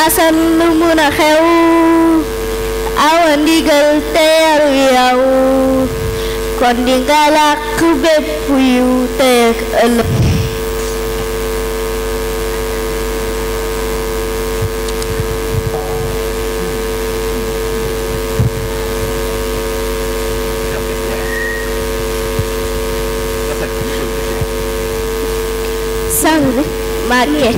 asan lu mun a xew awa ndigal te yaru yow kon dinga làkk bépp yu tey ak ëllëg Frage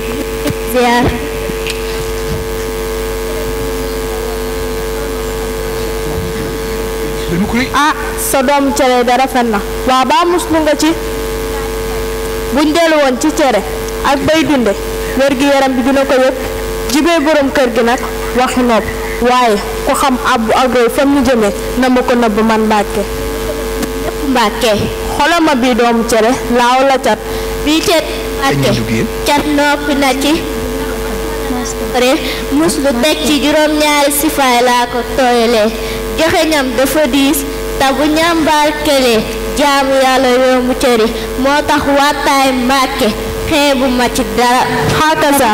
ah sa doom cere da rafet na waa ba muslu nga ci buñ dellu ci cere ak bay dunde wér gi yaram bi dina ko yëg jibee borom kër gi nag waxi nopp waaye ku xam abbu agoy fam ñu jëmee na ma ko nëbb man mbàkke mbàkke xolama doomu cere laaw la cat bii teet ate cat noppi na ci re mus lu teg ci juróom ñaari sifaay laa ko tooyle joxe ñam dafa diis te bu ñambaar kelee jaamu yàlla yoomu cëri moo tax wattaay mbàkke xeebu ma ci dara xaakasa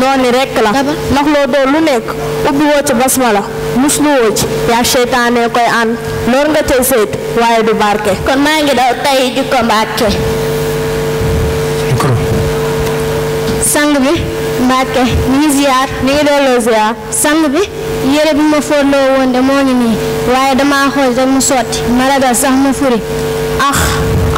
noonu rekk la ndax loo doon lu nekk ubbi woo ci basmala muslu woo ci yaa seytaane koy ànd loolu nga tey saytu waaye du barke kon maa ngi daw tey jikko mbàkke bi Mbàkke ñu ngi ziar ñu ngi dooloo ziar sang bi yére bi ma fóotloo woon de moo ngi nii waaye damaa xool rek mu sotti ma ragal sax mu furi ah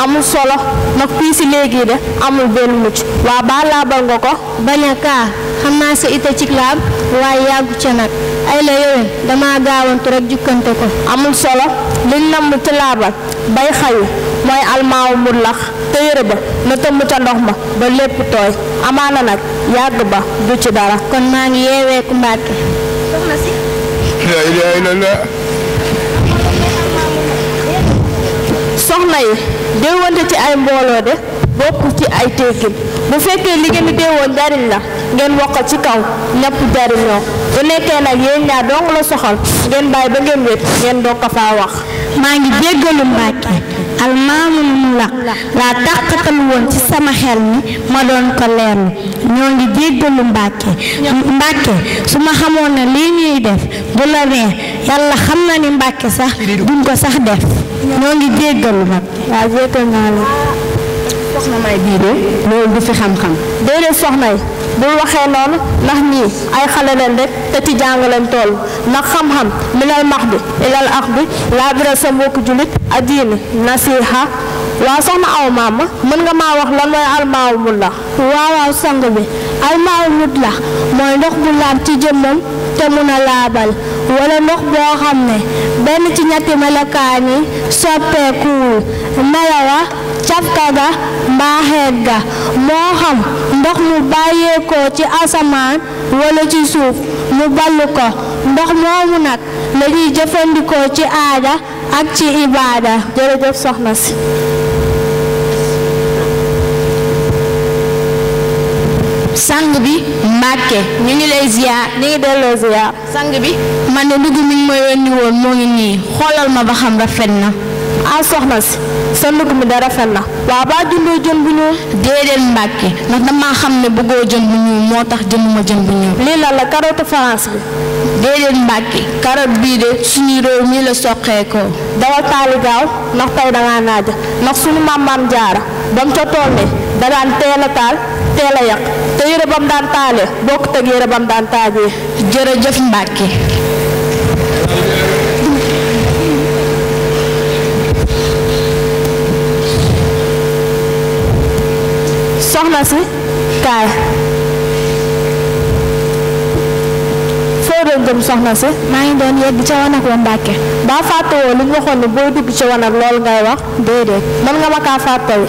amul solo mag fii si léegi de amul benn mucc waa baa laabal nga ko bañ a kaa xam naa sa ite ci laab waaye yàggu ca nag ay la yéwén dama gaawantu rek jukkante ko amul solo liñ namm ci laabal bay xayu mooy almaaw mu lax te yére ba na tëmb ca ndox ma ba lépp tooy amaana nag yàgg ba du ci dara kon maa ngi yeewee ku Mbàkke soxna yi déewante ci ay mbooloo de bokk ci ay teggin bu fekkee li ngeen di déewoon njariñ la ngeen wax ko ci kaw ñëpp jariñoo bu nekkee nag yéen ñaar dong la soxal ngeen bàyyi ba ngeen wét ngeen doog ko faa wax. maa ngi jéggalu Mbàkke almaamu mu la laa tàqatal woon ci sama xel ni ma doon ko leerlu ñoo ngi jéggalu Mbàkke Mbàkke su ma xamoon ne lii ñuy def bu la nee yàlla xam na ni Mbàkke sax duñ ko sax def ñoo ngi jéggalu nag waaw jéggal naa la soxna yi bul waxee noonu ndax ñii ay xale leen rek te ci jàng leen toll ndax xam-xam minal max bi ilal ax bi laa sa mbokku jullit addiini nasiha waaw soxna aw maam mën nga maa wax lan mooy almaawu mut la waaw waaw sang bi almaawu mut la mooy ndox bu laab ci jëmmam te mun a laabal wala ndox boo xam ne benn ci ñetti melokaan yi soppeekuwul melawa cafka ga mbaa xeet ga moo xam ndox mu bàyyeekoo ci asamaan wala ci suuf mu ballu ko ndox moomu nag lañuy jëfandikoo ci aada ak ci ibaada jërëjëf soxna si sang bi Mbàkke ñu ngi lay ziar ñu ngi delloo ziar sang bi man de dugg mi ngi ma yónni woon moo ngi nii xoolal ma ba xam rafet na ah soxna si sa lugg mi da rafet na waaw baa jëndoo jën bu ñuul déedéet mbàkke ndax damaa xam ne bëggoo jën bu ñuul moo tax jënduma jën bu ñuul lii la la carotte France bi déedéet mbàkke carotte bii de suñu réew mii la soqee ko dawal taali gaaw ndax tey dangaa naaja ndax suñu maam maam jaara bam ca tollee da daan teel taal teel a yàq te yére bam daan taalee bokkut ak yére bam daan taajee jërëjëf mbàkke soxna si kaay foo doon jëm soxna si maa ngi doon yegg ca wanag wa Mbàkke baa fàttewoo lu ñu waxoon ne booy dugg ci wanag loolu ngay wax déedéet man nga ma kaa fàttewu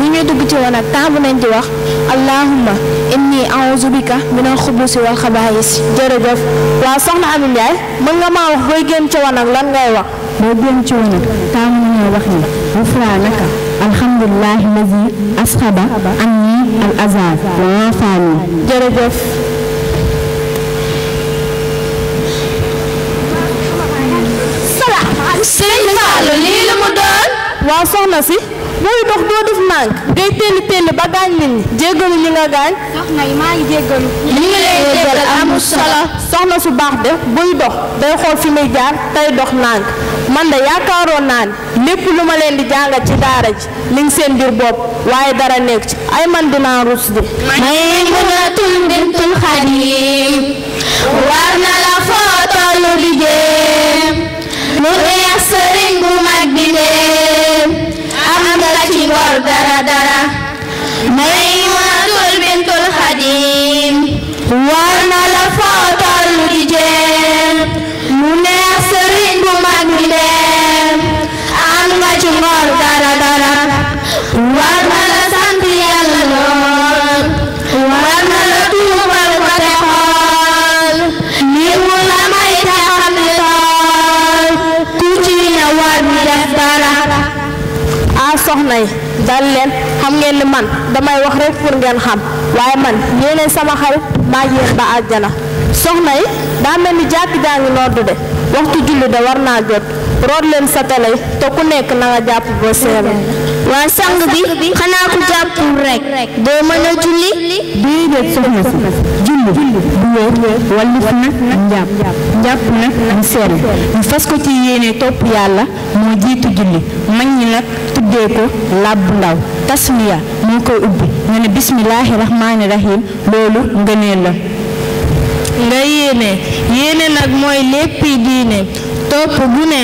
ñu ñuy dugg ci wanag taamu nañ di wax allahumma inni a'uuzu bika minal xubusi wal xabaayis jërëjëf waaw soxna Ami Njaay mën nga maa wax booy génn ci wanag lan ngay wax booy génn ci wanag taamu nañoo wax ni bu fraa naka alhamdulilah lazi asxaba am ni al azar la faani jërëjëf Sëriñ Fallou lii la mu doon waaw soxna si booy dox doo def mànk ngay telli telli ba gaañ nit ñi jéggalu ñi nga gaañ soxna yi maa ngi jéggalu ñu ngi lay jéggal amul solo soxna su baax de buy dox day xool fi muy jaar tey dox nànk man de yaakaaroon naa ne lépp lu ma leen di jàngal ci daara ji mi ngi seen biir bopp waaye dara nekk ci ay man dinaa rus de. Maymunatun bintul Xadim war na la foo tollu lu neex sëriñ bu mag bi dem am nga ci ngor dara dara Maymunatun bintul Xadim war na dal leen xam ngeen ni man damay wax rek pour ngeen xam waaye man yéene sama xarit maa yéen ba àjjana soxna yi daa mel ni jàkk jaa ngi noddu de waxtu julli de war naa jot root leen sa télé te ku nekk na nga jàpp ba seelo waa sang bi xanaa ku jàppul rek doo mën a julli julli bu wér wàllif njàpp njàpp nag am sell ñu fas ko ci yéene topp yàlla moo jiitu julli mag ñi nag tuddee ko làbbu ndaw tasmiya moo koy ubbi nga ne bismillaahi rahmaani rahim loolu ngëneel la nga yéene yéene nag mooy léppi diine topp gu ne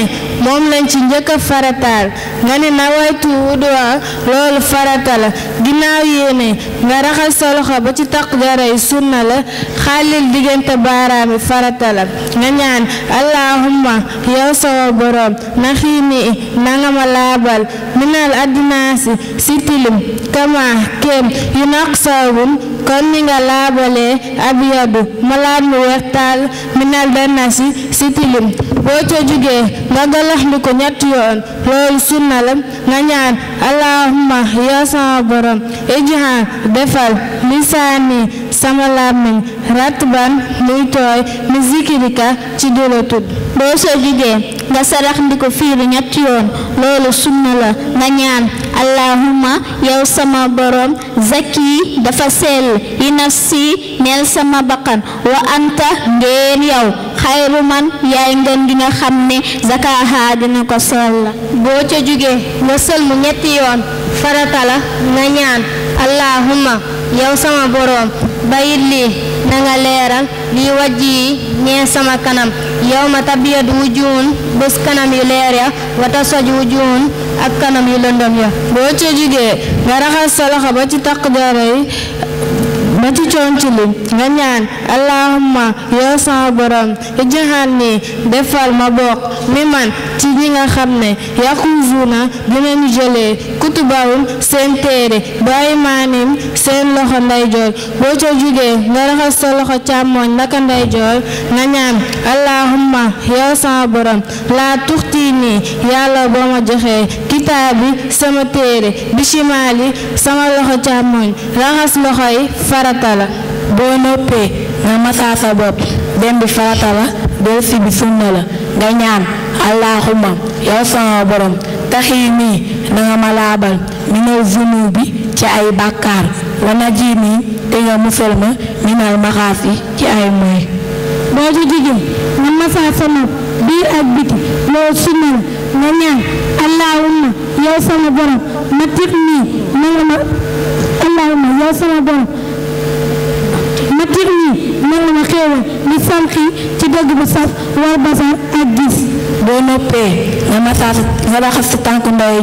moom lañ ci njëkk a farataal nga ne nawaytu wuduwa loolu farata ginnaaw yéene nga raxas sa loxo ba ci takk daray sunna la xaalil diggante baaraami faratala la nga ñaan allahumma yow sama boroom na xiini nanga ma laabal minal addinaasi si tilim kama kéem yu naq sawbun kon ni nga laabalee ab yadu malaat mu weex taal minal danasi si tilim boo ca jugee nga gala ko ñetti yoon loolu sunna la nga ñaan allahumma yaa sama borom ijhan defal lisaani sama làmmiñ ratban muy tooy mi ci di tudd boo soo jugee nga sarax ndi ko fiiru ñetti yoon loolu sunna la nga ñaan allahumma yow sama borom zaki dafa sell yi nafsi neel sama bakkan wa anta ngeen yow xayru man yaay ngeen di nga xam ne zakaaha dina ko sella boo ca jugee nga sëlmu ñetti yoon farata la nga ñaan allahumma yow sama boroom bayit lii na nga leeral lii wajj yi ñee sama kanam yow ma tabiyat wujuhun bés kanam yu leer ya wata soj wujuhun ak kanam yu lëndëm ya boo ca jugee nga raxas sa loxo ba ci taq dooro yi ba ci conc li nga ñaan allahumma yow sama borom ij'alni defal ma bokk mi man ci ñi nga xam ne yaquuzuuna dinañu jëlee kutubahum seen téere ba aymaanihim seen loxo ndeyjoor boo ca jugee nga raxas sa loxo càmmooñ naka ndeyjoor nga ñaan allahumma yow sama borom laa tuxtii nii yàlla boo ma joxee kitaabi sama téere bi shimaali sama loxo càmmooñ raxas loxo yi farata la boo noppee nga masaa sa bopp dem bi farata la delsi bi sunna la nga ñaan allahuma yow sama borom taxii nii na nga ma laabal minal zunubi ci ay bàkkaar wana ji nii te nga musal ma minal maxaas yi ci ay mooy boo ju jigéen nga masaa sa biir ak biti loo sunna la nga allahuma yow sama borom ma tig nii na ma allahuma yow sama borom atir nii mën na xéewal li samxi ci dëgg bu saf war basar ak gis boo noppee nga masaas nga raxas sa tànku ndaw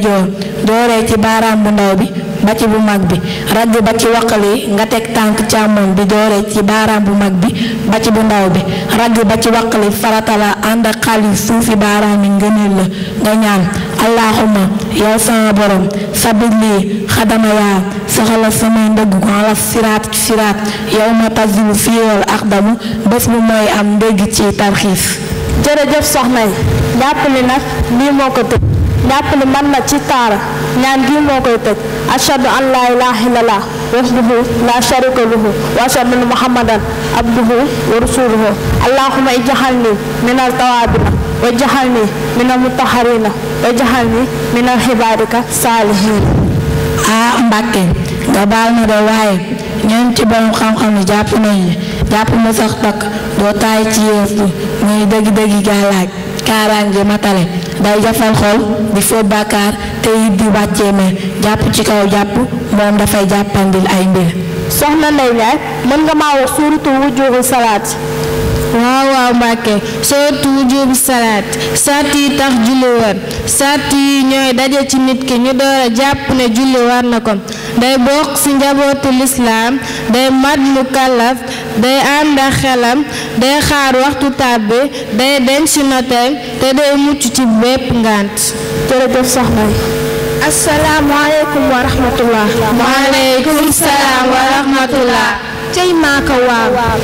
dooree ci baaraam bu ndaw bi ba bu mag bi ragg ba ci waqal yi nga teg tànk càmmoñ bi dooree ci baaraam bu mag bi ba bu ndaw bi ragg ba ci waqal yi farata ànd ak xal yi suufi baaraam yi ngëneel la nga ñaan allahuma yow sama borom sabit lii xadama saxalal samay ndëgg ko alal siraat siraat yow ma tazilu fiiwal axdamu bés bu mooy am ndégg ci tarxiis jërëjëf soxna yi jàpp li nag lii moo ko tëj jàpp li man na ci taara ñaan gi moo koy tëj ashadu an laa ilaaha illallaah wahdahu laa sharika lahu wa ashadu anna muhammadan abduhu wa rasuluhu allahumma ij'alni minal tawaabina waj'alni minal mutahharina waj'alni minal ibaadika saalihiin ah Mbàkke nga baal ma de waaye ñeen ci borom xam-xam yi jàpp nañ ne jàpp mu sax takk doo taay ci yéef bi muy dëgg-dëggi gaalaaj kaaraange matale day jafal xol di foo bàkkaar te it di wàccee mais jàpp ci kaw jàpp moom dafay jàppandil ay mbir soxna Ndeye Ndiaye mën nga maa wax suuratul wujuuhi salaat waaw waaw Mbàkke surtout wujub salaat sart yi tax julli war sart yi ñooy daje ci nit ki ñu door a jàpp ne julli war na ko day bokk ci njabootu lislaam day mat mu kallaf day ànd xelam day xaar waxtu tàbbi day denc ci noteel te day mucc ci bépp ngant jërëjëf assalaamu aleykum wa rahmatullah wa aleykum salaam cey maa ko waaw war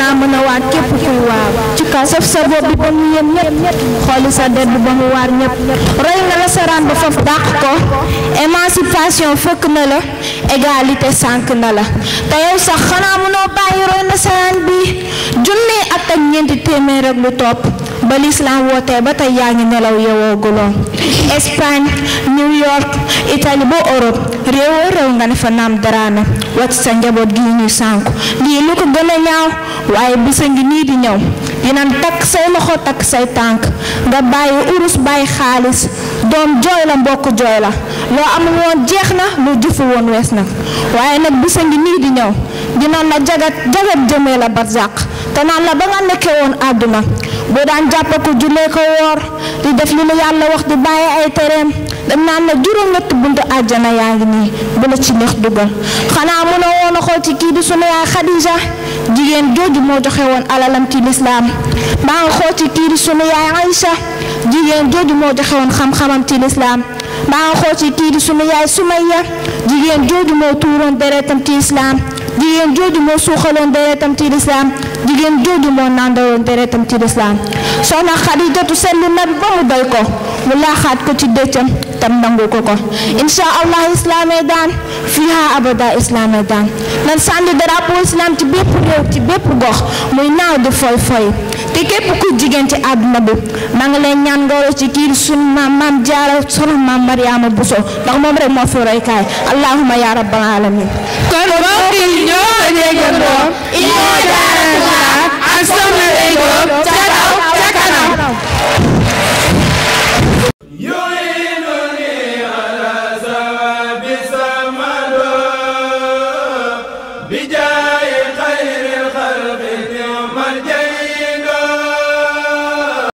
naa mën a waat képp kuy waaw ci kaw saf sa bopp bi ba mu yem ñëpp xooli sa dedd ba mu waar ñëpp roy nga la saraan dàq ko émancipation fëkk na la égalité sànq na la te yow sax xanaa mënoo bàyyi roy na bi junne at ak ñeenti téeméer ak lu topp ba lislaam wootee ba tey yaa ngi nelaw yowoo guloon Espagne New York Italie ba Europe réewoo réew nga ne fa naam daraame wàcc sa njaboot gi ñuy sànku lii lu ko gën a ñaaw waaye bisa ngi nii di ñëw dinañ takk say loxo takk say tànk nga bàyyi urus bàyyi xaalis doom la mbokk jooy la loo amul woon jeex na lu jëfu woon wees na waaye nag bisa ngi nii di ñëw dinañ la jagat jagat jëmee la barzaq te naan la ba nga nekkee woon àdduna boo daan jàpp ko jullee ko woor di def li la yàlla wax di bàyyi ay tereem da naan na juróom-ñetti buntu àjjana yaa ngi nii bu la ci neex dugal xanaa mënoo woon a xool ci kii di sunu yaay Xadija jigéen jooju moo joxe woon alalam ci lislaam maa nga xool ci jigéen jooju moo joxe woon ci lislaam maa nga xool ci kii di sunu yaay Sumayya jigéen jooju moo tuuroon deretam ci lislaam jigéen jooju moo suuxaloon deretam ci lislaam jigéen jooju moo nàndaloon deretam ci lislaam soxna Xadijatu seetlu na bi ba mu doy ko mu laaxaat ko ci dëccam tam nangu ko ko insha allah islaamee daan fiha abada islaamee daan nan sànni drapeau islam ci bépp réew ci bépp gox muy naaw di foy foy te képp ku jigéen ci àdduna bi maa ngi leen ñaan nga roy ci maam maam jaara maam mariama buso ndax moom rek moo fi roykaay allahuma ya rabbal alamin kon mbokk yi ñoo déggandoo